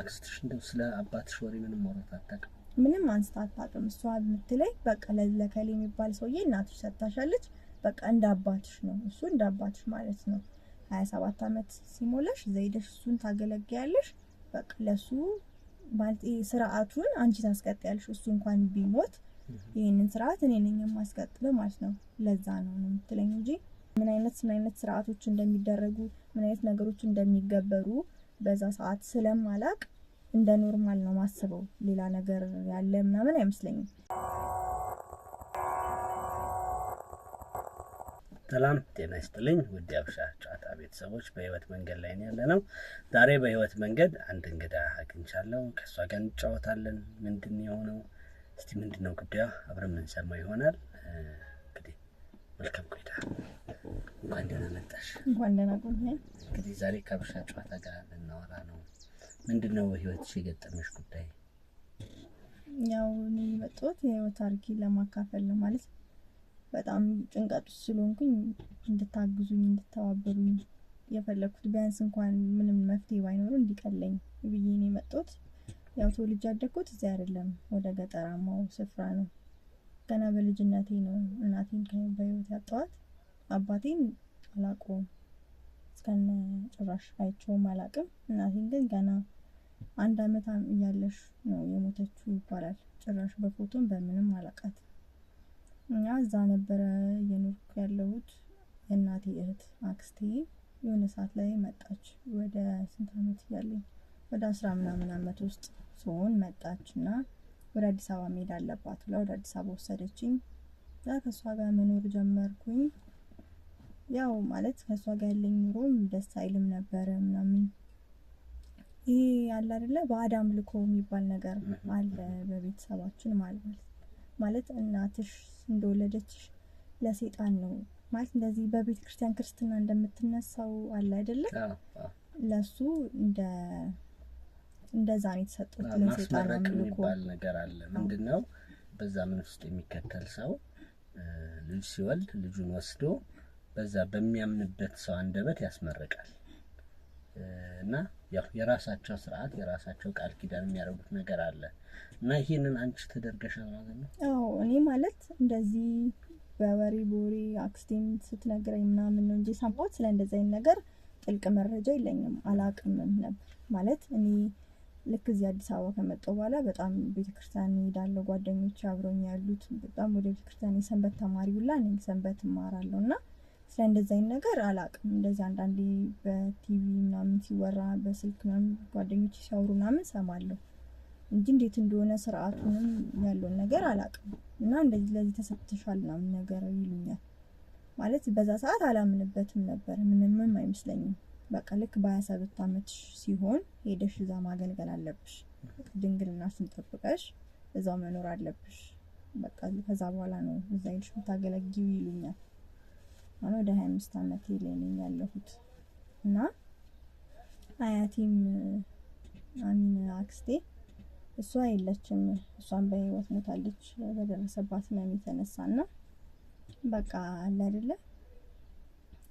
አክስትሽ እንደው ስለ አባትሽ ወሬ ምንም ወራት አታውቅም? ምንም አንስታ አታውቅም። እሷ የምትለኝ በቃ ለለከሌ የሚባል ሰውዬ እናትሽ ሰጥታሻለች፣ በቃ እንደ አባትሽ ነው እሱ እንደ አባትሽ ማለት ነው። ሀያ ሰባት አመት ሲሞላሽ ዘይደሽ እሱን ታገለግያለሽ። በቃ ለሱ ማለት ስርዓቱን አንቺ ታስቀጥያለሽ። እሱ እንኳን ቢሞት ይህንን ስርዓት እኔ ነኝ የማስቀጥለው ማለት ነው። ለዛ ነው ነው የምትለኝ እንጂ ምን አይነት ምን አይነት ስርዓቶች እንደሚደረጉ ምን አይነት ነገሮች እንደሚገበሩ በዛ ሰዓት ስለማላቅ እንደ ኖርማል ነው ማስበው። ሌላ ነገር ያለ ምናምን አይመስለኝም። ሰላም ጤና ይስጥልኝ ውድ የአብሻ ጨዋታ ቤተሰቦች፣ በህይወት መንገድ ላይ ያለ ነው። ዛሬ በህይወት መንገድ አንድ እንግዳ አግኝቻለሁ። ከእሷ ጋር እንጫወታለን። ምንድን የሆነው እስቲ ምንድን ነው ጉዳዩ? አብረን የምንሰማ ይሆናል። እንግዲህ መልካም ቆይታ። እንኳን ደህና መጣሽ። እንኳን ደህና እንግዲህ ዛሬ ከአበሻ ጨዋታ ጋር ልናወራ ነው። ምንድን ነው ህይወትሽ የገጠመሽ ጉዳይ? ያው እኔ የመጣሁት የህይወት አድርጌ ለማካፈል ነው ማለት በጣም ጭንቀት ውስጥ ስለሆንኩኝ እንድታግዙኝ እንድተባበሩኝ የፈለግኩት ቢያንስ እንኳን ምንም መፍትሄ ባይኖሩ እንዲቀለኝ ብዬ ነው የመጣሁት። ያው ተወልጄ ያደግኩት እዚህ አይደለም፣ ወደ ገጠራማው ስፍራ ነው። ገና በልጅነቴ ነው እናቴን በህይወት ያጣኋት። አባቴን አላቆም እስከነ ጭራሽ አይቼውም አላቅም። እናቴን ግን ገና አንድ አመት እያለሽ ነው የሞተችው ይባላል። ጭራሽ በፎቶም በምንም አላቃት። እኛ እዛ ነበረ የኖርኩ ያለሁት። የእናቴ እህት አክስቴ የሆነ ሰዓት ላይ መጣች። ወደ ስንት አመት እያለኝ ወደ አስራ ምናምን ዓመት ውስጥ ሲሆን መጣች እና ወደ አዲስ አበባ መሄድ አለባት ብላ ወደ አዲስ አበባ ወሰደችኝ። ከእሷ ጋር መኖር ጀመርኩኝ። ያው ማለት ከእሷ ጋር ያለኝ ኑሮም ደስ አይልም ነበረ ምናምን። ይሄ ያለ አይደለ በአዳም ልኮ የሚባል ነገር አለ በቤተሰባችን ማለት ማለት እናትሽ እንደወለደችሽ ለሴጣን ነው ማለት እንደዚህ በቤተ ክርስቲያን ክርስትና እንደምትነሳው አለ አይደለ ለሱ እንደ እንደዛ ነው የተሰጡት። ለሴጣን የሚባል ነገር አለ። ምንድን ነው በዛ ምን ውስጥ የሚከተል ሰው ልጅ ሲወልድ ልጁን ወስዶ በዛ በሚያምንበት ሰው አንደበት ያስመርቃል እና ያው የራሳቸው ስርዓት የራሳቸው ቃል ኪዳን የሚያደርጉት ነገር አለ እና ይህንን አንቺ ተደርገሻል ማለት ነው። አዎ እኔ ማለት እንደዚህ በወሬ በወሬ አክስቴም ስትነግረኝ ምናምን ነው እንጂ ሰማሁት። ስለ እንደዚህ አይነት ነገር ጥልቅ መረጃ የለኝም አላቅምም ነበር ማለት እኔ ልክ እዚህ አዲስ አበባ ከመጣሁ በኋላ በጣም ቤተክርስቲያን እሄዳለሁ። ጓደኞች አብረኝ ያሉት በጣም ወደ ቤተክርስቲያን የሰንበት ተማሪ ሁላ ነኝ። ሰንበት እማራለሁ እና ስለ እንደዚህ አይነት ነገር አላቅም እንደዚህ አንዳንዴ በቲቪ ምናምን ሲወራ በስልክ ምናምን ጓደኞች ሲያወሩ ምናምን ሰማለሁ እንጂ እንዴት እንደሆነ ስርዓቱንም ያለውን ነገር አላቅም እና እንደዚህ ለዚህ ተሰጥተሻል ምናምን ነገር ይሉኛል። ማለት በዛ ሰዓት አላምንበትም ነበር፣ ምንምም አይመስለኝም። በቃ ልክ በሀያ ሰባት ዓመት ሲሆን ሄደሽ እዛ ማገልገል አለብሽ፣ ድንግልና ስንጠብቀሽ እዛው መኖር አለብሽ። በቃ ከዛ በኋላ ነው እዛ ሄደሽ የምታገለግዪው ይሉኛል። አሁን ወደ 25 አመት ላይ ነኝ ያለሁት እና አያቴም አሚን አክስቴ እሷ የለችም። እሷን በህይወት ሞታለች በደረሰባት ህመም የተነሳና በቃ አለ አይደለ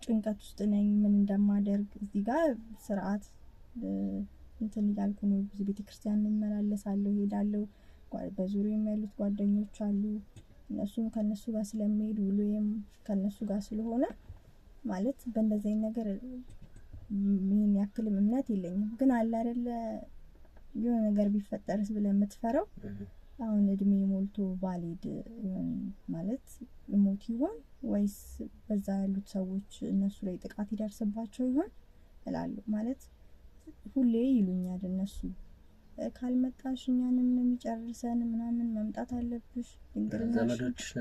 ጭንቀት ውስጥ ነኝ። ምን እንደማደርግ እዚህ ጋር ስርዓት እንትን እያልኩ ነው። ብዙ ቤተክርስቲያን እንመላለሳለሁ፣ ሄዳለሁ። በዙሪያ ያሉት ጓደኞች አሉ እነሱም ከነሱ ጋር ስለሚሄድ ውሎዬም ከነሱ ጋር ስለሆነ ማለት በእንደዚህ ነገር ምን ያክልም እምነት የለኝም። ግን አለ አይደለ የሆነ ነገር ቢፈጠርስ ብለ የምትፈራው አሁን እድሜ ሞልቶ ባልሄድ ማለት ሞት ይሆን ወይስ በዛ ያሉት ሰዎች እነሱ ላይ ጥቃት ይደርስባቸው ይሆን እላለሁ። ማለት ሁሌ ይሉኛል እነሱ ካልመጣሽ እኛንም የሚጨርሰን ምናምን መምጣት አለብሽ። ድንግልናሽ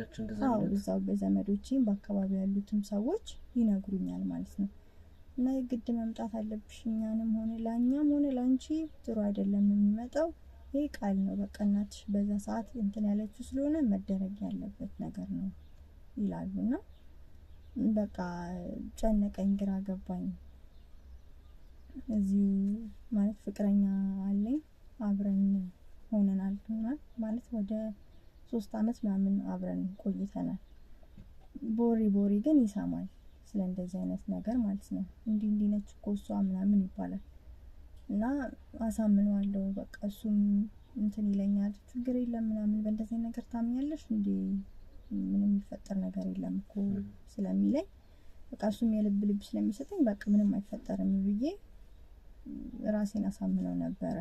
እዛው በዘመዶቼም በአካባቢ ያሉትም ሰዎች ይነግሩኛል ማለት ነው። እና የግድ መምጣት አለብሽ እኛንም ሆነ ለእኛም ሆነ ለአንቺ ጥሩ አይደለም የሚመጣው ይህ ቃል ነው። በቃ እናትሽ በዛ ሰዓት እንትን ያለችው ስለሆነ መደረግ ያለበት ነገር ነው ይላሉና በቃ ጨነቀኝ፣ ግራ ገባኝ። እዚህ ማለት ፍቅረኛ አለኝ አብረን ሆነናል ማለት ወደ ሶስት አመት ምናምን አብረን ቆይተናል። ቦሪ ቦሪ ግን ይሰማል ስለ እንደዚህ አይነት ነገር ማለት ነው። እንዲህ እንዲህ ነች እኮ እሷ ምናምን ይባላል እና አሳምነዋለሁ። በቃ እሱም እንትን ይለኛል፣ ችግር የለም ምናምን በእንደዚህ ነገር ታምኛለሽ እንዴ ምንም የሚፈጠር ነገር የለም እኮ ስለሚለኝ በቃ እሱም የልብ ልብ ስለሚሰጠኝ በቃ ምንም አይፈጠርም ብዬ ራሴን አሳምነው ነበረ።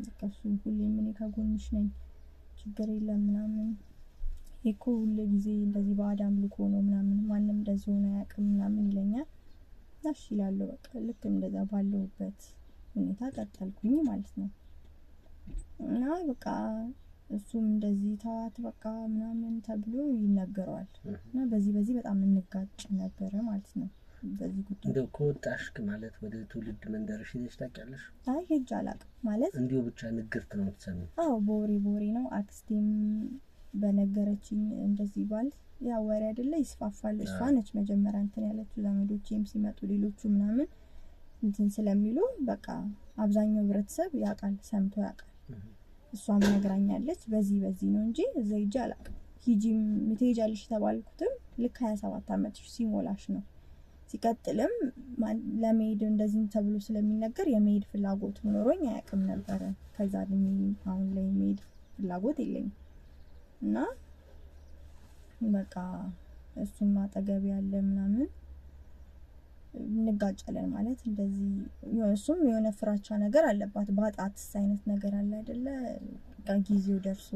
በቃ ሁሌም እኔ ከጎንሽ ነኝ፣ ችግር የለም ምናምን እኮ ሁሌ ጊዜ እንደዚህ ባዕድ አምልኮ ነው ምናምን ማንም እንደዚህ ሆነ አያውቅም ምናምን ይለኛል። ናሽ ይላለሁ በቃ ልክ እንደዛ ባለሁበት ሁኔታ ቀጠልኩኝ ማለት ነው። እና በቃ እሱም እንደዚህ ተዋት በቃ ምናምን ተብሎ ይነገረዋል። እና በዚህ በዚህ በጣም እንጋጭ ነበረ ማለት ነው። በዚህ ጉዳይ እንደው ከወጣሽ ማለት ወደ ትውልድ መንደርሽ ሄደሽ ታውቂያለሽ? አይ ሄጄ አላውቅም። ማለት እንዲሁ ብቻ ንግርት ነው የምትሰሚው? አዎ በወሬ በወሬ ነው። አክስቴም በነገረችኝ እንደዚህ ባል ያ ወሬ አይደለ ይስፋፋል። እሷ ነች መጀመሪያ እንትን ያለችው። ዘመዶቼም ሲመጡ ሌሎቹ ምናምን እንትን ስለሚሉ በቃ አብዛኛው ህብረተሰብ ያውቃል፣ ሰምቶ ያውቃል። እሷም ነግራኛለች። በዚህ በዚህ ነው እንጂ እዛ ሄጄ አላውቅም። ሂጂም ትሄጃለሽ የተባልኩትም ልክ ሀያ ሰባት አመትሽ ሲሞላሽ ነው ሲቀጥልም ለመሄድ እንደዚህም ተብሎ ስለሚነገር የመሄድ ፍላጎት ኖሮኝ አያውቅም ነበረ። ከዛ እድሜ አሁን ላይ የመሄድ ፍላጎት የለኝም እና በቃ እሱም አጠገብ ያለ ምናምን እንጋጫለን ማለት እንደዚህ እሱም የሆነ ፍራቻ ነገር አለባት። በአጣትስ አይነት ነገር አለ አይደለ? ጊዜው ደርሶ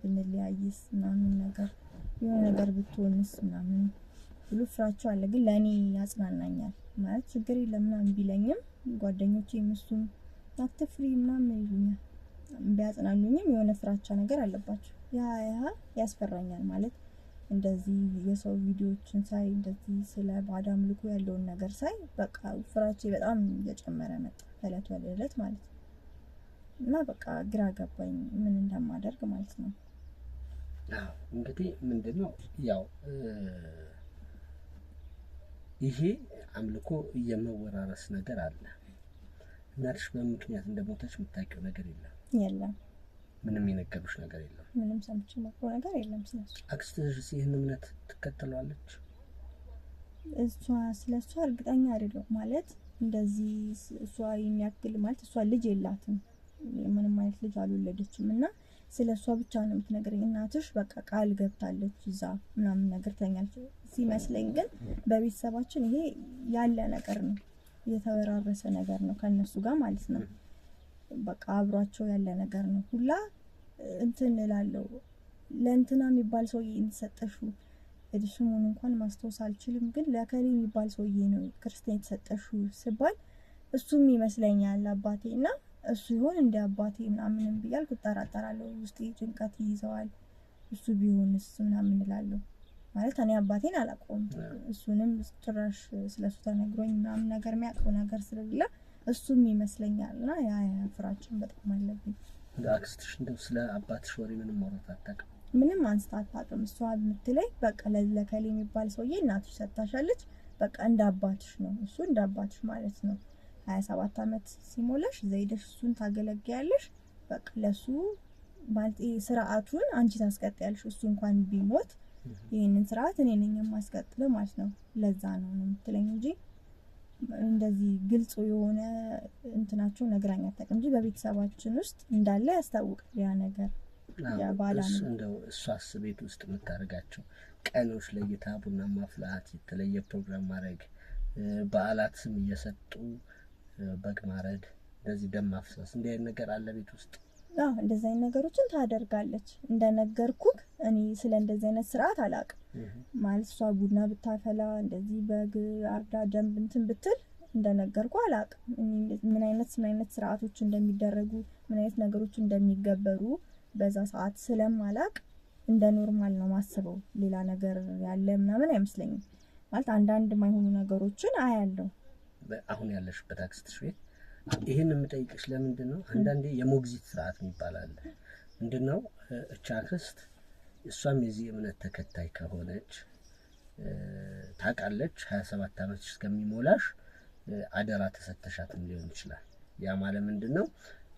ብንለያይስ ምናምን ነገር የሆነ ነገር ብትሆንስ ምናምን ብሎ ፍራቸው አለ። ግን ለእኔ ያጽናናኛል ማለት ችግር ለምናምን ቢለኝም ጓደኞቼ እሱም አትፍሪ ምናምን ይሉኛል። ቢያጽናኑኝም የሆነ ፍራቻ ነገር አለባቸው። ያ ያ ያስፈራኛል ማለት እንደዚህ የሰው ቪዲዮዎችን ሳይ እንደዚህ ስለ ባዕድ አምልኮ ያለውን ነገር ሳይ በቃ ፍራቼ በጣም እየጨመረ መጣ ከዕለት ወደ ዕለት ማለት ነው። እና በቃ ግራ ገባኝ ምን እንደማደርግ ማለት ነው። እንግዲህ ምንድን ነው ያው ይሄ አምልኮ የመወራረስ ነገር አለ። እናትሽ በምክንያት እንደሞተች የምታውቂው ነገር የለም የለም። ምንም የነገሩሽ ነገር የለም። ምንም ሰምቼ የማውቀው ነገር የለም ስለሱ። አክስትሽ ይህን እምነት ትከተሏለች? እሷ ስለ እሷ እርግጠኛ አይደለሁም። ማለት እንደዚህ እሷ የሚያክል ማለት እሷ ልጅ የላትም ምንም አይነት ልጅ አልወለደችም እና ስለ እሷ ብቻ ነው የምትነግረኝ። እናትሽ በቃ ቃል ገብታለች ይዛ ምናምን ነገር ትለኛለች። ሲመስለኝ ግን በቤተሰባችን ይሄ ያለ ነገር ነው፣ የተወራረሰ ነገር ነው ከእነሱ ጋር ማለት ነው። በቃ አብሯቸው ያለ ነገር ነው ሁላ እንትን እላለሁ። ለእንትና የሚባል ሰውዬ የተሰጠሽው ስሙን እንኳን ማስታወስ አልችልም፣ ግን ለከሌ የሚባል ሰውዬ ነው ክርስቲያን የተሰጠሽው ስባል እሱም ይመስለኛል አባቴ እና እሱ ይሆን እንደ አባቴ ምናምን ብያል እጠራጠራለሁ። ውስጤ ጭንቀት ይይዘዋል። እሱ ቢሆንስ ምናምን እላለሁ። ማለት እኔ አባቴን አላውቀውም። እሱንም ጭራሽ ስለሱ ተነግሮኝ ምናምን ነገር የሚያውቀው ነገር ስለሌለ እሱም ይመስለኛል እና ያ ፍራችን በጣም አለብኝ። አክስትሽ እንደው ስለ አባትሽ ወሬ ምንም ማውራት አታውቅም? ምንም አንስታ አታውቅም። እሷ የምትለኝ በቃ ለለከሌ የሚባል ሰውዬ እናትሽ ሰጥታሻለች፣ በቃ እንደ አባትሽ ነው እሱ እንደ አባትሽ ማለት ነው 27 ዓመት ሲሞላሽ እዛ እሱን ታገለግያለሽ። በቃ ለሱ ማለት ስርዓቱን አንቺ ታስቀጥያለሽ። እሱ እንኳን ቢሞት ይህንን ስርዓት እኔ ነኝ የማስቀጥለው ማለት ነው። ለዛ ነው ነው የምትለኝ እንጂ እንደዚህ ግልጽ የሆነ እንትናቸው ነግራኝ አታውቅም እንጂ በቤተሰባችን ውስጥ እንዳለ ያስታውቃል ያ ነገር። እሱ እንደው እሷስ ቤት ውስጥ የምታደርጋቸው ቀኖች ለይታ ቡና ማፍላት፣ የተለየ ፕሮግራም ማድረግ፣ በዓላት ስም እየሰጡ በግ ማረድ፣ እንደዚህ ደም ማፍሰስ፣ እንዲህ አይነት ነገር አለ ቤት ውስጥ። አዎ እንደዚህ አይነት ነገሮችን ታደርጋለች። እንደነገርኩ እኔ ስለ እንደዚህ አይነት ስርዓት አላቅ ማለት እሷ ቡና ብታፈላ እንደዚህ በግ አርዳ ደም እንትን ብትል እንደነገርኩ አላቅም። ምን አይነት ምን አይነት ስርዓቶች እንደሚደረጉ ምን አይነት ነገሮች እንደሚገበሩ በዛ ሰዓት ስለማላቅ እንደ ኖርማል ነው ማስበው። ሌላ ነገር ያለ ምናምን አይመስለኝም። ማለት አንዳንድ ማይሆኑ ነገሮችን አያለሁ አሁን ያለሽበት አክስትሽ ቤት። ይህን የምጠይቅሽ ለምንድን ነው? አንዳንዴ የሞግዚት ስርዓት የሚባል አለ። ምንድን ነው እቻ አክስት እሷም የዚህ እምነት ተከታይ ከሆነች ታውቃለች። ሀያ ሰባት ዓመት እስከሚሞላሽ አደራ ተሰተሻትም ሊሆን ይችላል። ያ ማለት ምንድን ነው?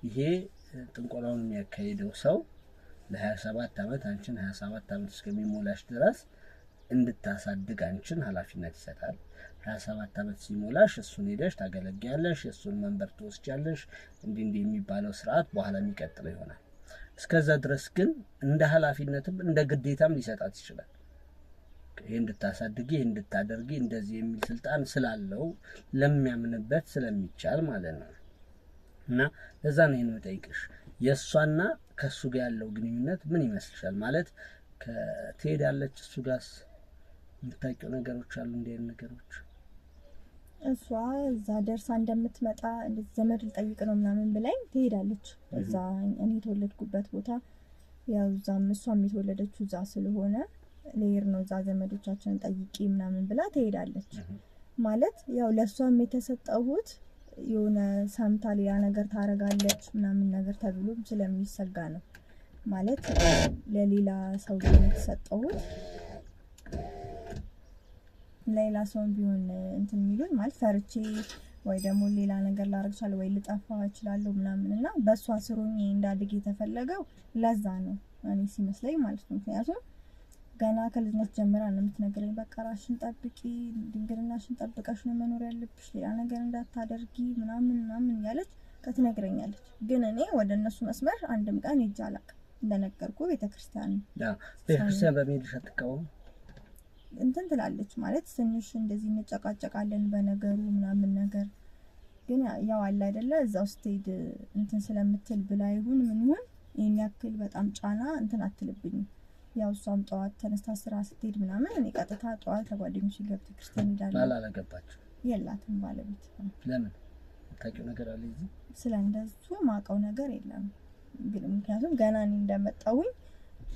ይሄ ጥንቆላውን የሚያካሄደው ሰው ለሀያ ሰባት ዓመት አንቺን ሀያ ሰባት ዓመት እስከሚሞላሽ ድረስ እንድታሳድግ አንቺን ኃላፊነት ይሰጣል። ሀያ ዓመት ሲሞላሽ እሱን ሄደሽ ታገለግያለሽ፣ እሱን መንበር ትወስጃለሽ፣ እንዲህ እንዲህ የሚባለው ስርዓት በኋላ የሚቀጥለው ይሆናል። እስከዛ ድረስ ግን እንደ ኃላፊነትም እንደ ግዴታም ሊሰጣት ይችላል። ይህ እንድታሳድጊ፣ ይህ እንድታደርጊ፣ እንደዚህ የሚል ስልጣን ስላለው ለሚያምንበት ስለሚቻል ማለት ነው። እና ለዛ ነው ይህን የምጠይቅሽ። የእሷና ከእሱ ጋር ያለው ግንኙነት ምን ይመስልሻል? ማለት ትሄዳለች እሱ ጋርስ የምታውቂው ነገሮች አሉ እንዲህ ነገሮች እሷ እዛ ደርሳ እንደምትመጣ ዘመድ ልጠይቅ ነው ምናምን ብላኝ ትሄዳለች። እዛ እኔ የተወለድኩበት ቦታ ያው እዛም እሷም የተወለደችው እዛ ስለሆነ ሌየር ነው እዛ ዘመዶቻችንን ጠይቂ ምናምን ብላ ትሄዳለች። ማለት ያው ለእሷም የተሰጠሁት የሆነ ሰምታ ሌላ ነገር ታረጋለች ምናምን ነገር ተብሎም ስለሚሰጋ ነው። ማለት ለሌላ ሰው የተሰጠሁት ሌላ ሰውን ቢሆን እንትን የሚሉኝ ማለት ፈርቼ ወይ ደግሞ ሌላ ነገር ላረግ ይችላል ወይ ልጠፋ እችላለሁ ምናምን እና በእሷ ስሩኝ እንዳድግ የተፈለገው ለዛ ነው እኔ ሲመስለኝ ማለት ነው። ምክንያቱም ገና ከልጅነት ጀምራ ነው የምትነግረኝ፣ በቃ ራስሽን ጠብቂ፣ ድንግልናሽን ጠብቀሽ ነው መኖር ያለብሽ፣ ሌላ ነገር እንዳታደርጊ ምናምን ምናምን እያለች ትነግረኛለች። ግን እኔ ወደ እነሱ መስመር አንድም ቀን ሄጄ አላውቅም። እንደነገርኩ ቤተክርስቲያን ቤተክርስቲያን በመሄድሽ አትቃወሙ እንትን ትላለች ማለት ትንሽ እንደዚህ እንጨቃጨቃለን በነገሩ ምናምን ነገር ግን ያው አለ አይደለ እዛው ስትሄድ እንትን ስለምትል ብላ ይሁን ምን ይሁን ይህን ያክል በጣም ጫና እንትን አትልብኝም። ያው እሷም ጠዋት ተነስታ ስራ ስትሄድ ምናምን እኔ ቀጥታ ጠዋት ተጓደኞች ገብተ ክርስቲያን ሄዳለሁ። ባል የላትም ባለቤት። ለምን ነገር አለ? ነገር የለም። ግን ምክንያቱም ገና እኔ እንደመጣሁኝ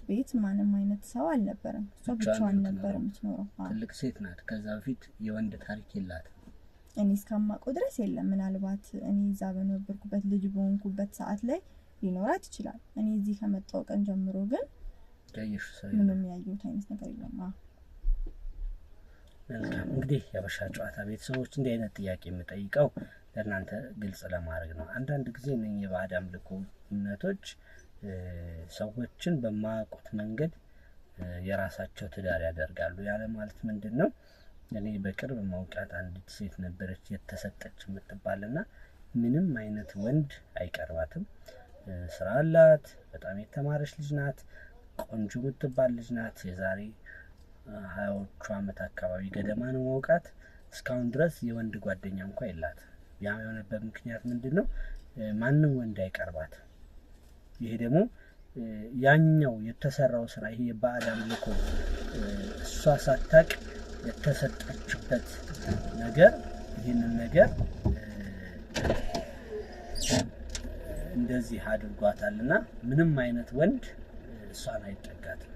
ቤት ማንም አይነት ሰው አልነበረም። እሷ ብቻዋን ነበር የምትኖረው። ትልቅ ሴት ናት። ከዛ በፊት የወንድ ታሪክ የላት እኔ እስካማውቀው ድረስ የለም። ምናልባት እኔ እዛ በነበርኩበት ልጅ በሆንኩበት ሰዓት ላይ ሊኖራት ይችላል። እኔ እዚህ ከመጣሁ ቀን ጀምሮ ግን ምንም ያየሁት አይነት ነገር የለም። እንግዲህ የአበሻ ጨዋታ ቤተሰቦች እንዲህ አይነት ጥያቄ የምጠይቀው ለእናንተ ግልጽ ለማድረግ ነው። አንዳንድ ጊዜ እነኝህ የባዕድ አምልኮ እምነቶች ሰዎችን በማያውቁት መንገድ የራሳቸው ትዳር ያደርጋሉ። ያለ ማለት ምንድን ነው? እኔ በቅርብ ማውቃት አንዲት ሴት ነበረች የተሰጠች የምትባልና ምንም አይነት ወንድ አይቀርባትም። ስራ አላት። በጣም የተማረች ልጅ ናት። ቆንጆ የምትባል ልጅ ናት። የዛሬ ሀያዎቹ አመት አካባቢ ገደማ ነው ማውቃት። እስካሁን ድረስ የወንድ ጓደኛ እንኳ የላት። ያ የሆነበት ምክንያት ምንድን ነው? ማንም ወንድ አይቀርባትም። ይሄ ደግሞ ያኛው የተሰራው ስራ ይሄ የባዕድ አምልኮ እሷ ሳታቅ የተሰጠችበት ነገር ይህንን ነገር እንደዚህ አድርጓታል እና ምንም አይነት ወንድ እሷን አይጠጋትም።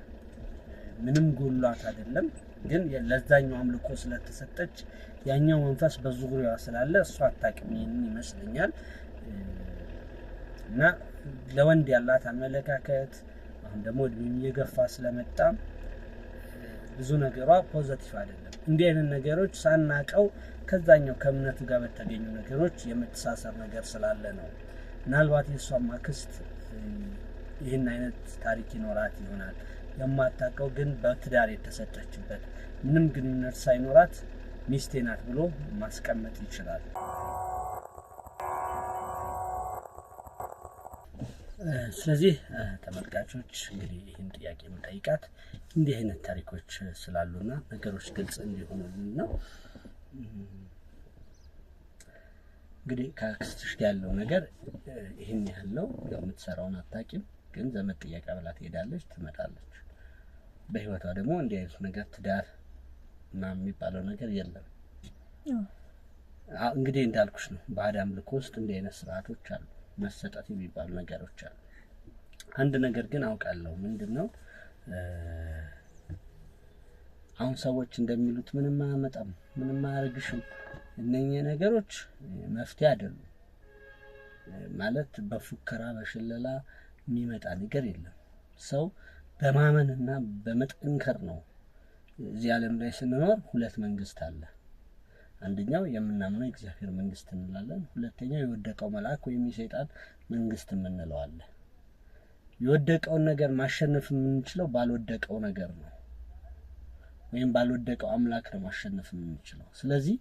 ምንም ጎሏት አይደለም፣ ግን ለዛኛው አምልኮ ስለተሰጠች ያኛው መንፈስ በዙሪያዋ ስላለ እሷ አታውቅም። ይህንን ይመስለኛል። እና ለወንድ ያላት አመለካከት አሁን ደግሞ እድሜም እየገፋ ስለመጣ ብዙ ነገሯ ፖዘቲቭ አይደለም። እንዲህ አይነት ነገሮች ሳናቀው ከዛኛው ከእምነቱ ጋር በተገኙ ነገሮች የመተሳሰር ነገር ስላለ ነው። ምናልባት የእሷም አክስት ይህን አይነት ታሪክ ይኖራት ይሆናል የማታውቀው ግን በትዳር የተሰጠችበት ምንም ግንኙነት ሳይኖራት ሚስቴ ናት ብሎ ማስቀመጥ ይችላል። ስለዚህ ተመልካቾች እንግዲህ ይህን ጥያቄ የምጠይቃት እንዲህ አይነት ታሪኮች ስላሉና ነገሮች ግልጽ እንዲሆኑልን ነው። እንግዲህ ከአክስትሽ ጋር ያለው ነገር ይህን ያህል ነው። የምትሰራውን አታውቂም፣ ግን ዘመድ ጥየቃ ብላ ትሄዳለች፣ ትመጣለች። በህይወቷ ደግሞ እንዲህ አይነት ነገር ትዳር ምናምን የሚባለው ነገር የለም። እንግዲህ እንዳልኩሽ ነው። በአዳም ልኮ ውስጥ እንዲህ አይነት ስርዓቶች አሉ። መሰጠት የሚባሉ ነገሮች አሉ። አንድ ነገር ግን አውቃለሁ። ምንድን ነው አሁን ሰዎች እንደሚሉት ምንም አያመጣም፣ ምንም አያደርግሽም። እነኚህ ነገሮች መፍትሄ አይደሉም። ማለት በፉከራ በሽለላ የሚመጣ ነገር የለም። ሰው በማመንና በመጠንከር ነው። እዚህ ዓለም ላይ ስንኖር ሁለት መንግስት አለ። አንደኛው የምናምነው የእግዚአብሔር መንግስት እንላለን። ሁለተኛው የወደቀው መልአክ ወይም የሰይጣን መንግስት የምንለዋለን። የወደቀውን ነገር ማሸነፍ የምንችለው ባልወደቀው ነገር ነው፣ ወይም ባልወደቀው አምላክ ነው ማሸነፍ የምንችለው። ስለዚህ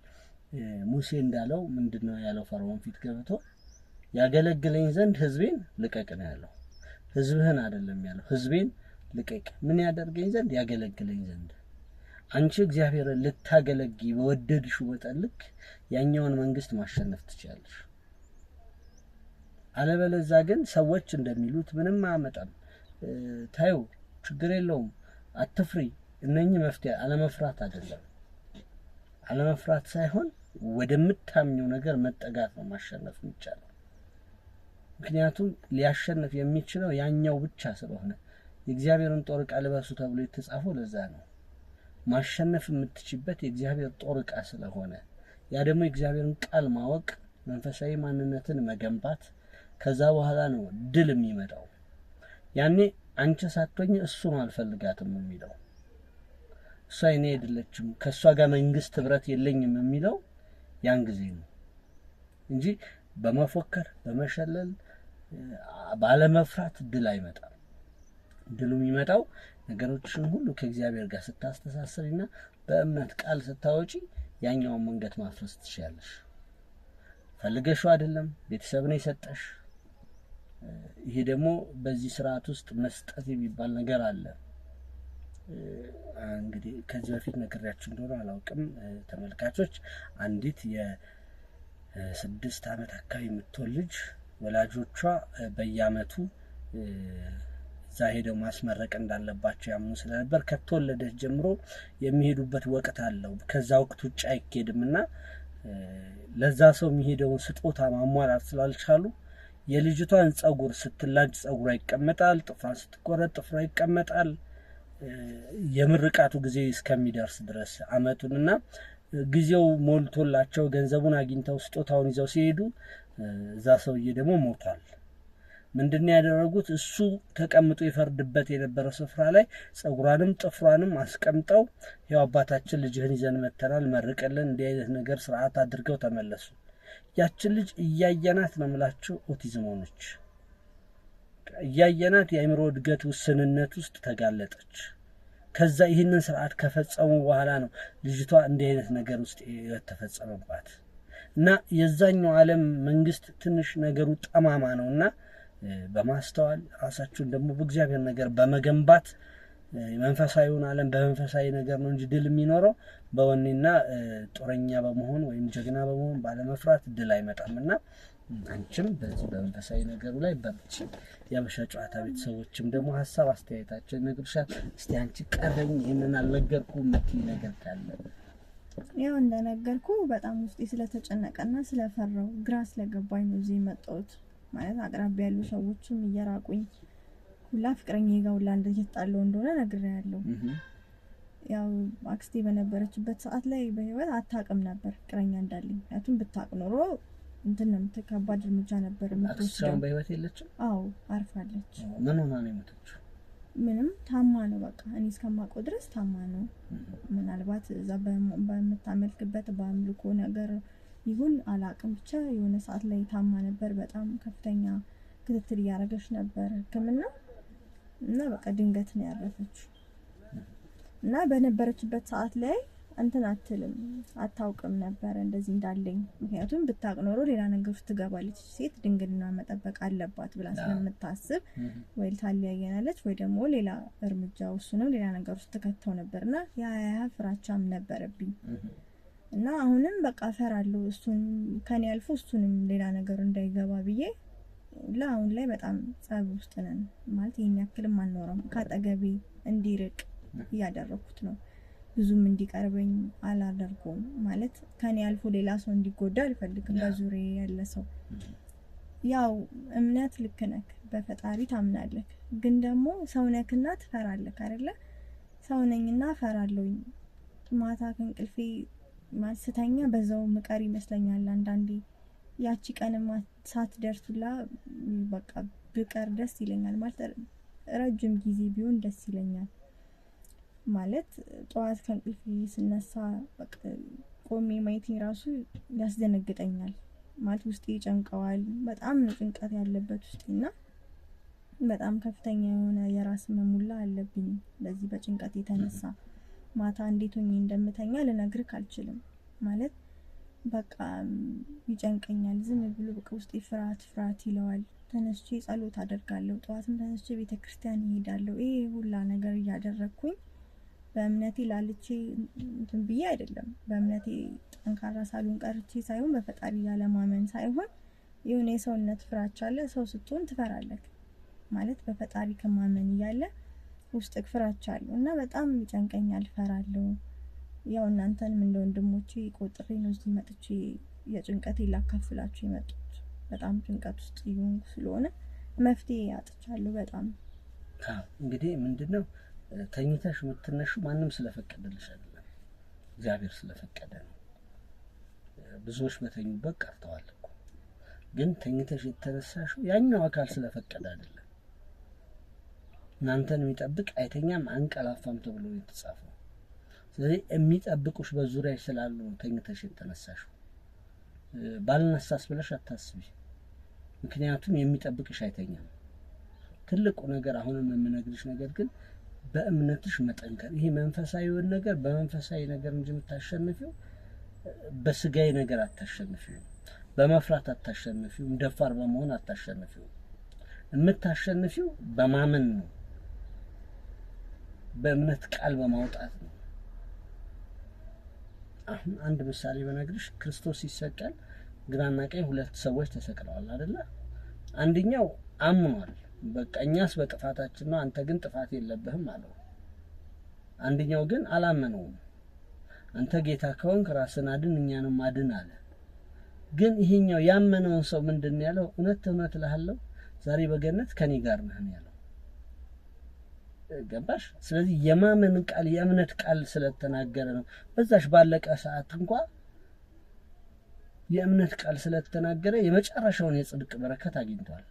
ሙሴ እንዳለው ምንድን ነው ያለው? ፈርዖን ፊት ገብቶ ያገለግለኝ ዘንድ ህዝቤን ልቀቅ ነው ያለው። ህዝብህን አይደለም ያለው፣ ህዝቤን ልቀቅ። ምን ያደርገኝ ዘንድ? ያገለግለኝ ዘንድ አንቺ እግዚአብሔርን ልታገለጊ በወደድሽ መጠን ልክ ያኛውን መንግስት ማሸነፍ ትችላለሽ። አለበለዛ ግን ሰዎች እንደሚሉት ምንም አያመጣም፣ ታዩ ችግር የለውም፣ አትፍሪ። እነኚህ መፍትሄ አለመፍራት አይደለም። አለመፍራት ሳይሆን ወደምታምኘው ነገር መጠጋት ነው ማሸነፍ የሚቻለው። ምክንያቱም ሊያሸንፍ የሚችለው ያኛው ብቻ ስለሆነ የእግዚአብሔርን ጦር ዕቃ ተብሎ የተጻፈው ለዛ ነው። ማሸነፍ የምትችበት የእግዚአብሔር ጦር ዕቃ ስለሆነ ያ ደግሞ የእግዚአብሔርን ቃል ማወቅ፣ መንፈሳዊ ማንነትን መገንባት፣ ከዛ በኋላ ነው ድል የሚመጣው። ያኔ አንቺ ሳትሆኝ እሱን አልፈልጋትም የሚለው እሷ የኔ አይደለችም፣ ከእሷ ጋር መንግስት ህብረት የለኝም የሚለው ያን ጊዜ ነው እንጂ በመፎከር በመሸለል ባለመፍራት ድል አይመጣም። ድሉ የሚመጣው ነገሮችን ሁሉ ከእግዚአብሔር ጋር ስታስተሳስሪና በእምነት ቃል ስታወጪ ያኛውን መንገድ ማፍረስ ትችላለሽ። ፈልገሽው አይደለም፣ ቤተሰብ ነው የሰጠሽ። ይሄ ደግሞ በዚህ ስርዓት ውስጥ መስጠት የሚባል ነገር አለ። እንግዲህ ከዚህ በፊት ነግሬያችሁ እንደሆነ አላውቅም ተመልካቾች፣ አንዲት የስድስት ዓመት አካባቢ የምትሆን ልጅ ወላጆቿ በየአመቱ እዛ ሄደው ማስመረቅ እንዳለባቸው ያምኑ ስለነበር ከተወለደች ጀምሮ የሚሄዱበት ወቅት አለው። ከዛ ወቅት ውጭ አይኬድም እና ለዛ ሰው የሚሄደውን ስጦታ ማሟላት ስላልቻሉ የልጅቷን ጸጉር ስትላጅ ጸጉሯ ይቀመጣል፣ ጥፍሯን ስትቆረጥ ጥፍሯ ይቀመጣል። የምርቃቱ ጊዜ እስከሚደርስ ድረስ አመቱን እና ጊዜው ሞልቶላቸው ገንዘቡን አግኝተው ስጦታውን ይዘው ሲሄዱ እዛ ሰውዬ ደግሞ ሞቷል። ምንድን ያደረጉት እሱ ተቀምጦ ይፈርድበት የነበረ ስፍራ ላይ ጸጉሯንም ጥፍሯንም አስቀምጠው ያው አባታችን ልጅህን ይዘን መተናል መርቅልን እንዲህ አይነት ነገር ስርዓት አድርገው ተመለሱ። ያችን ልጅ እያየናት ነው ምላቸው ኦቲዝም ሆነች። እያየናት የአእምሮ እድገት ውስንነት ውስጥ ተጋለጠች። ከዛ ይህንን ስርዓት ከፈጸሙ በኋላ ነው ልጅቷ እንዲህ አይነት ነገር ውስጥ ተፈጸመባት እና የዛኛው ዓለም መንግስት ትንሽ ነገሩ ጠማማ ነው እና በማስተዋል ራሳችሁን ደግሞ በእግዚአብሔር ነገር በመገንባት መንፈሳዊውን ዓለም በመንፈሳዊ ነገር ነው እንጂ ድል የሚኖረው በወኔና ጦረኛ በመሆን ወይም ጀግና በመሆን ባለመፍራት ድል አይመጣም እና አንቺም በዚህ በመንፈሳዊ ነገሩ ላይ በርቺ። የሀበሻ ጨዋታ ቤተሰቦችም ደግሞ ሀሳብ አስተያየታቸው ይነግሩሻል። እስቲ አንቺ ቀረኝ ይህንን አልነገርኩ የምትይ ነገር ካለ ያው እንደነገርኩ በጣም ውስጤ ስለተጨነቀና ስለፈራው ግራ ስለገባኝ ነው እዚህ የመጣሁት። ማለት አቅራቢያ ያሉ ሰዎችም እየራቁኝ ሁላ ፍቅረኛ ጋር ሁላ እንደዚህ የተጣለው እንደሆነ ያለው ያው አክስቴ በነበረችበት ሰዓት ላይ በህይወት አታውቅም ነበር ፍቅረኛ እንዳለኝ። ምክንያቱም ብታውቅ ኖሮ እንትን ነው ከባድ እርምጃ ነበር የምትወስደው። በህይወት የለችም። አዎ አርፋለች። ምን ሆና ነው የሞተችው? ምንም ታማ ነው። በቃ እኔ እስከማውቀው ድረስ ታማ ነው። ምናልባት እዛ በምታመልክበት በአምልኮ ነገር ይሁን አላቅም ብቻ የሆነ ሰዓት ላይ ታማ ነበር። በጣም ከፍተኛ ክትትል እያደረገች ነበር ሕክምና እና በቃ ድንገት ነው ያረፈችው። እና በነበረችበት ሰዓት ላይ እንትን አትልም አታውቅም ነበር እንደዚህ እንዳለኝ። ምክንያቱም ብታውቅ ኖሮ ሌላ ነገር ውስጥ ትገባለች። ሴት ድንግልና መጠበቅ አለባት ብላ ስለምታስብ ወይ ታለያየናለች ወይ ደግሞ ሌላ እርምጃ፣ እሱንም ሌላ ነገር ውስጥ ትከተው ነበርና ያ ፍራቻም ነበረብኝ። እና አሁንም በቃ እፈራለሁ እሱን ከኔ አልፎ እሱንም ሌላ ነገር እንዳይገባ ብዬ ለአሁን ላይ በጣም ጸብ ውስጥ ነን ማለት ይህን ያክልም አልኖረም። ከአጠገቤ እንዲርቅ እያደረኩት ነው። ብዙም እንዲቀርበኝ አላደርገውም። ማለት ከኔ አልፎ ሌላ ሰው እንዲጎዳ አልፈልግም፣ በዙሬ ያለ ሰው። ያው እምነት ልክ ነክ፣ በፈጣሪ ታምናለክ፣ ግን ደግሞ ሰውነክና ትፈራለክ አይደለ? ሰውነኝና ነኝና እፈራለሁኝ። ማታ ከእንቅልፌ ማስተኛ በዛው ምቀር ይመስለኛል። አንዳንዴ ያቺ ቀንማ ሳትደርስ ሁላ በቃ ብቀር ደስ ይለኛል። ማለት ረጅም ጊዜ ቢሆን ደስ ይለኛል። ማለት ጠዋት ከእንቅልፍ ስነሳ በቃ ቆሜ ማየቴን ራሱ ያስደነግጠኛል። ማለት ውስጤ ይጨንቀዋል። በጣም ነው ጭንቀት ያለበት ውስጤና በጣም ከፍተኛ የሆነ የራስ መሙላ አለብኝ በዚህ በጭንቀት የተነሳ ማታ እንዴት ሆኜ እንደምተኛ ልነግርህ አልችልም። ማለት በቃ ይጨንቀኛል። ዝም ብሎ በቃ ውስጤ ፍርሃት ፍርሃት ይለዋል። ተነስቼ ጸሎት አደርጋለሁ። ጠዋትም ተነስቼ ቤተ ክርስቲያን ይሄዳለሁ። ይሄ ሁላ ነገር እያደረግኩኝ በእምነቴ ላልቼ እንትን ብዬ አይደለም። በእምነቴ ጠንካራ ሳሉን ቀርቼ ሳይሆን በፈጣሪ ያለማመን ሳይሆን የሆነ የሰውነት ፍራቻ አለ። ሰው ስትሆን ትፈራለህ ማለት በፈጣሪ ከማመን እያለ ውስጥ ፍራቻ አለው እና በጣም ይጨንቀኛል፣ እፈራለሁ። ያው እናንተንም እንደ ወንድሞቼ ቆጥሬ ነው እዚህ መጥቼ የጭንቀት ላካፍላችሁ የመጡት። በጣም ጭንቀት ውስጥ ይሁን ስለሆነ መፍትሄ አጥቻለሁ። በጣም እንግዲህ ምንድን ነው ተኝተሽ የምትነሹ ማንም ስለፈቀደልሽ አይደለም፣ እግዚአብሔር ስለፈቀደ ነው። ብዙዎች በተኙበት ቀርተዋል እኮ ግን ተኝተሽ የተነሳሽው ያኛው አካል ስለፈቀደ አይደለም። እናንተን የሚጠብቅ አይተኛም አንቀላፋም ተብሎ ነው የተጻፈው። ስለዚህ የሚጠብቁሽ በዙሪያ ስላሉ ነው ተኝተሽ የተነሳሽ። ባልነሳስ ብለሽ አታስቢ፣ ምክንያቱም የሚጠብቅሽ አይተኛም። ትልቁ ነገር አሁንም የምነግርሽ ነገር ግን በእምነትሽ መጠንከር። ይሄ መንፈሳዊውን ነገር በመንፈሳዊ ነገር እንጂ የምታሸንፊው በስጋዊ ነገር አታሸንፊው። በመፍራት አታሸንፊው። ደፋር በመሆን አታሸንፊው። የምታሸንፊው በማመን ነው። በእምነት ቃል በማውጣት ነው። አሁን አንድ ምሳሌ በነግርሽ፣ ክርስቶስ ሲሰቀል ግራና ቀኝ ሁለት ሰዎች ተሰቅለዋል አይደለ? አንደኛው አምኗል። በቃ እኛስ በጥፋታችን ነው፣ አንተ ግን ጥፋት የለብህም አለው። አንደኛው ግን አላመነውም። አንተ ጌታ ከሆንክ ራስን አድን እኛንም አድን አለ። ግን ይሄኛው ያመነውን ሰው ምንድን ያለው? እውነት እውነት እልሃለሁ ዛሬ በገነት ከኔ ጋር ነህ ያለው። ገባሽ? ስለዚህ የማመን ቃል የእምነት ቃል ስለተናገረ ነው። በዛሽ ባለቀ ሰዓት እንኳ የእምነት ቃል ስለተናገረ የመጨረሻውን የጽድቅ በረከት አግኝቷል።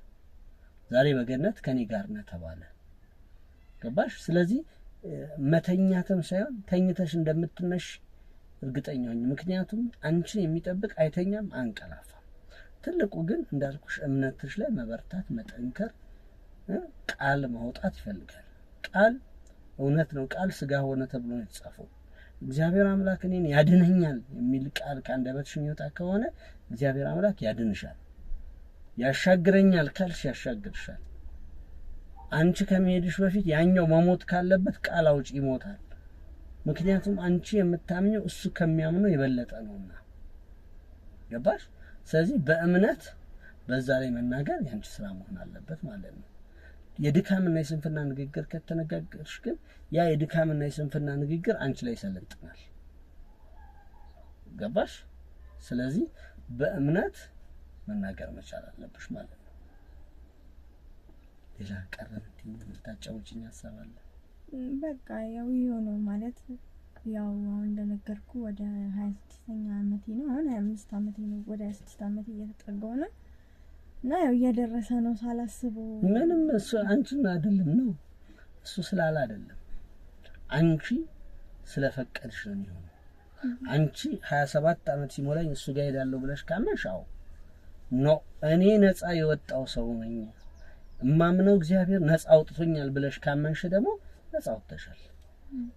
ዛሬ በገነት ከኔ ጋር ነህ ተባለ። ገባሽ? ስለዚህ መተኛትም ሳይሆን ተኝተሽ እንደምትነሽ እርግጠኛ ሆኝ። ምክንያቱም አንቺን የሚጠብቅ አይተኛም፣ አንቀላፋም። ትልቁ ግን እንዳልኩሽ እምነትሽ ላይ መበርታት፣ መጠንከር፣ ቃል ማውጣት ይፈልጋል። ቃል እውነት ነው። ቃል ስጋ ሆነ ተብሎ ነው የተጻፈው። እግዚአብሔር አምላክ እኔን ያድነኛል የሚል ቃል ከአንደበትሽ የሚወጣ ከሆነ እግዚአብሔር አምላክ ያድንሻል። ያሻግረኛል ካልሽ ያሻግርሻል። አንቺ ከመሄድሽ በፊት ያኛው መሞት ካለበት ቃል አውጪ ይሞታል። ምክንያቱም አንቺ የምታምኘው እሱ ከሚያምነው የበለጠ ነውና፣ ገባሽ? ስለዚህ በእምነት በዛ ላይ መናገር የአንቺ ስራ መሆን አለበት ማለት ነው። የድካምና የስንፍና ንግግር ከተነጋገርሽ ግን ያ የድካምና የስንፍና ንግግር አንቺ ላይ ይሰለጥናል። ገባሽ? ስለዚህ በእምነት መናገር መቻል አለብሽ ማለት ነው። ሌላ ቀረ የምታጫውችኝ ሀሳብ አለ? በቃ ያው የሆነው ማለት ያው አሁን እንደነገርኩ ወደ ሀያ ስድስተኛ አመቴ ነው። አሁን ሀያ አምስት አመቴ ነው። ወደ ሀያ ስድስት አመቴ እየተጠጋው ነው እና ያው ነው ሳላስበው። ምንም እሱ አንቺን አይደለም ነው እሱ ስላለ አይደለም አንቺ ስለፈቀድሽ ነው የሚሆነው። አንቺ ሀያ ሰባት ሲሞላኝ እሱ ጋር ሄዳለሁ ብለሽ ካመሽ አዎ ኖ እኔ ነፃ የወጣው ሰው ነኝ እማምነው እግዚአብሔር ነፃ አውጥቶኛል ብለሽ ካመንሽ ደግሞ ነፃ አውጥተሻል።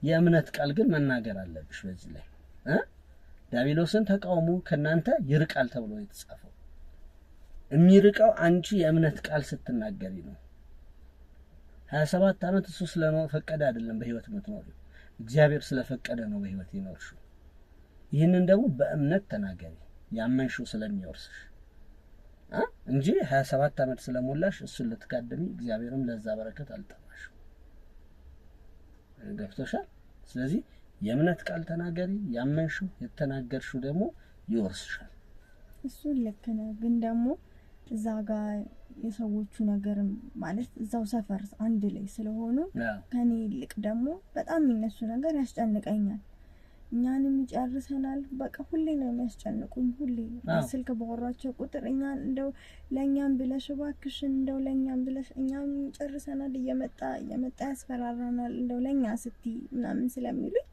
የእምነት ቃል ግን መናገር አለብሽ። በዚህ ላይ ዳቢሎስን ተቃውሞ ከእናንተ ይርቃል ተብሎ የተጻፈው የሚርቀው አንቺ የእምነት ቃል ስትናገሪ ነው። ሀያ ሰባት ዓመት እሱ ስለፈቀደ አይደለም በህይወት የምትኖሪው፣ እግዚአብሔር ስለፈቀደ ነው በህይወት ይኖርሽው። ይህንን ደግሞ በእምነት ተናገሪ ያመንሽው ስለሚወርስሽ እንጂ ሀያ ሰባት ዓመት ስለሞላሽ እሱን ልትጋደሚ እግዚአብሔርም ለዛ በረከት አልጠራሽም። ገብቶሻል? ስለዚህ የእምነት ቃል ተናገሪ፣ ያመንሽው የተናገርሽው ደግሞ ይወርስሻል። እሱን ልክ ነው ግን ደግሞ እዛ ጋር የሰዎቹ ነገር ማለት እዛው ሰፈር አንድ ላይ ስለሆኑ ከኔ ይልቅ ደግሞ በጣም የነሱ ነገር ያስጨንቀኛል። እኛንም ይጨርሰናል። በቃ ሁሌ ነው የሚያስጨንቁኝ። ሁሌ ስልክ ባወራቸው ቁጥር እኛ እንደው ለእኛም ብለሽ እባክሽን፣ እንደው ለእኛም ብለሽ እኛም ይጨርሰናል፣ እየመጣ እየመጣ ያስፈራራናል፣ እንደው ለእኛ ስቲ ምናምን ስለሚሉኝ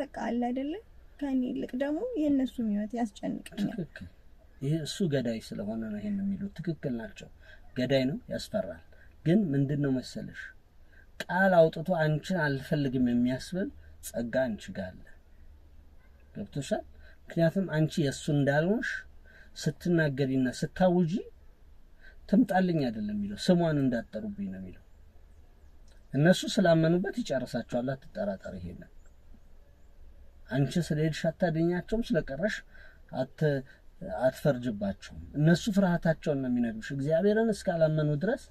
በቃ አለ አይደለም። ከኔ ይልቅ ደግሞ የእነሱም ህይወት ያስጨንቀኛል። ይሄ እሱ ገዳይ ስለሆነ ነው ይሄን የሚሉት። ትክክል ናቸው። ገዳይ ነው፣ ያስፈራል። ግን ምንድን ነው መሰለሽ ቃል አውጥቶ አንቺን አልፈልግም የሚያስብል ጸጋ አንቺ ጋር አለ። ገብቶሻል? ምክንያቱም አንቺ የእሱ እንዳልሆንሽ ስትናገሪና ስታውጂ ትምጣልኝ አይደለም የሚለው ስሟን እንዳጠሩብኝ ነው የሚለው። እነሱ ስላመኑበት ይጨርሳቸዋል። አትጠራጠር። ይሄንን አንቺ ስለሄድሽ አታደኛቸውም፣ ስለቀረሽ አትፈርጅባቸውም። እነሱ ፍርሃታቸውን ነው የሚነግሩሽ። እግዚአብሔርን እስካላመኑ ድረስ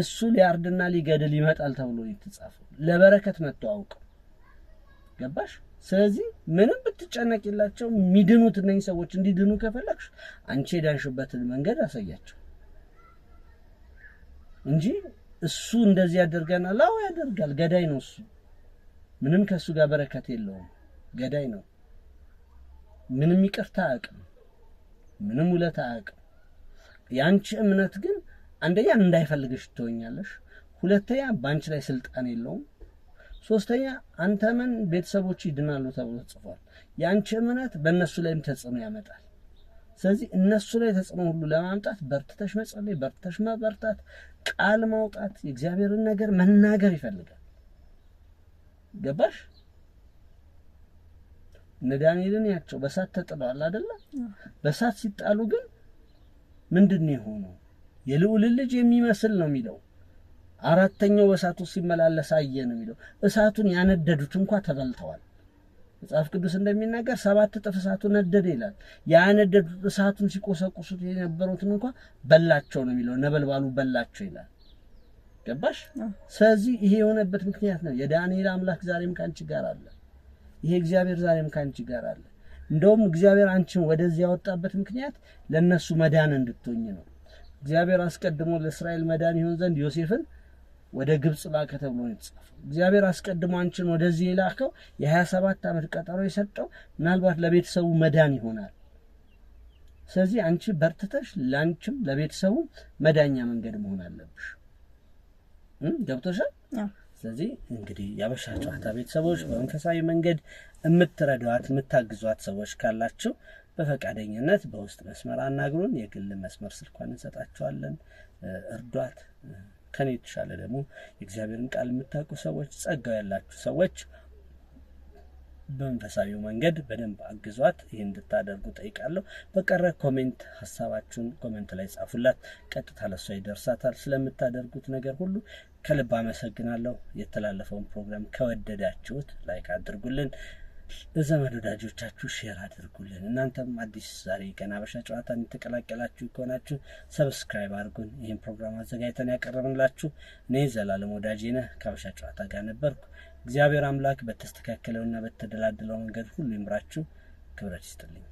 እሱ ሊያርድና ሊገድል ይመጣል ተብሎ የተጻፈው ለበረከት መጥቶ አውቀው ገባሽ። ስለዚህ ምንም ብትጨነቂላቸው የሚድኑት እነኝህ ሰዎች እንዲድኑ ከፈለግሽ አንቺ የዳንሽበትን መንገድ አሳያቸው እንጂ እሱ እንደዚህ ያደርገናል። አዎ ያደርጋል። ገዳይ ነው እሱ። ምንም ከእሱ ጋር በረከት የለውም። ገዳይ ነው። ምንም ይቅርታ አያውቅም። ምንም ውለት አያውቅም። የአንቺ እምነት ግን አንደኛ እንዳይፈልግሽ ትሆኛለሽ፣ ሁለተኛ በአንቺ ላይ ስልጣን የለውም፣ ሶስተኛ አንተ ምን ቤተሰቦች ይድናሉ ተብሎ ተጽፏል። የአንቺ እምነት በእነሱ ላይም ተጽዕኖ ያመጣል። ስለዚህ እነሱ ላይ ተጽዕኖ ሁሉ ለማምጣት በርትተሽ መጸለይ፣ በርትተሽ መበርታት፣ ቃል ማውጣት፣ የእግዚአብሔርን ነገር መናገር ይፈልጋል። ገባሽ? እነ ዳንኤልን ያቸው በሳት ተጥለዋል አደለ? በሳት ሲጣሉ ግን ምንድን የሆኑ የልዑል ልጅ የሚመስል ነው የሚለው አራተኛው በእሳቱ ሲመላለስ አየ ነው የሚለው። እሳቱን ያነደዱት እንኳ ተበልተዋል። መጽሐፍ ቅዱስ እንደሚናገር ሰባት እጥፍ እሳቱ ነደደ ይላል። ያነደዱት እሳቱን ሲቆሰቁሱት የነበሩትን እንኳ በላቸው ነው የሚለው። ነበልባሉ በላቸው ይላል። ገባሽ? ስለዚህ ይሄ የሆነበት ምክንያት ነው። የዳንኤል አምላክ ዛሬም ከአንቺ ጋር አለ። ይሄ እግዚአብሔር ዛሬም ከአንቺ ጋር አለ። እንደውም እግዚአብሔር አንቺን ወደዚህ ያወጣበት ምክንያት ለእነሱ መዳን እንድትሆኝ ነው። እግዚአብሔር አስቀድሞ ለእስራኤል መዳን ይሆን ዘንድ ዮሴፍን ወደ ግብፅ ላከ ተብሎ ነው እግዚአብሔር አስቀድሞ አንቺን ወደዚህ የላከው የ27 ዓመት ቀጠሮ የሰጠው ምናልባት ለቤተሰቡ መዳን ይሆናል። ስለዚህ አንቺ በርትተሽ ለአንቺም ለቤተሰቡ መዳኛ መንገድ መሆን አለብሽ። ገብቶሻል? ስለዚህ እንግዲህ የአበሻ ጨዋታ ቤተሰቦች በመንፈሳዊ መንገድ የምትረዷት የምታግዟት ሰዎች ካላችሁ በፈቃደኝነት በውስጥ መስመር አናግሩን። የግል መስመር ስልኳን እንሰጣችኋለን። እርዷት። ከኔ የተሻለ ደግሞ የእግዚአብሔርን ቃል የምታውቁ ሰዎች፣ ጸጋው ያላችሁ ሰዎች በመንፈሳዊ መንገድ በደንብ አግዟት። ይህ እንድታደርጉ ጠይቃለሁ። በቀረ ኮሜንት ሀሳባችሁን ኮሜንት ላይ ጻፉላት። ቀጥታ ለሷ ይደርሳታል። ስለምታደርጉት ነገር ሁሉ ከልብ አመሰግናለሁ። የተላለፈውን ፕሮግራም ከወደዳችሁት ላይክ አድርጉልን፣ ለዘመድ ወዳጆቻችሁ ሼር አድርጉልን። እናንተም አዲስ ዛሬ ገና ሀበሻ ጨዋታን የተቀላቀላችሁ ከሆናችሁ ሰብስክራይብ አድርጉን። ይህን ፕሮግራም አዘጋጅተን ያቀረብንላችሁ እኔ ዘላለም ወዳጄ ነህ ከሀበሻ ጨዋታ ጋር ነበርኩ። እግዚአብሔር አምላክ በተስተካከለውና በተደላደለው መንገድ ሁሉ ይምራችሁ። ክብረት ይስጥልኝ።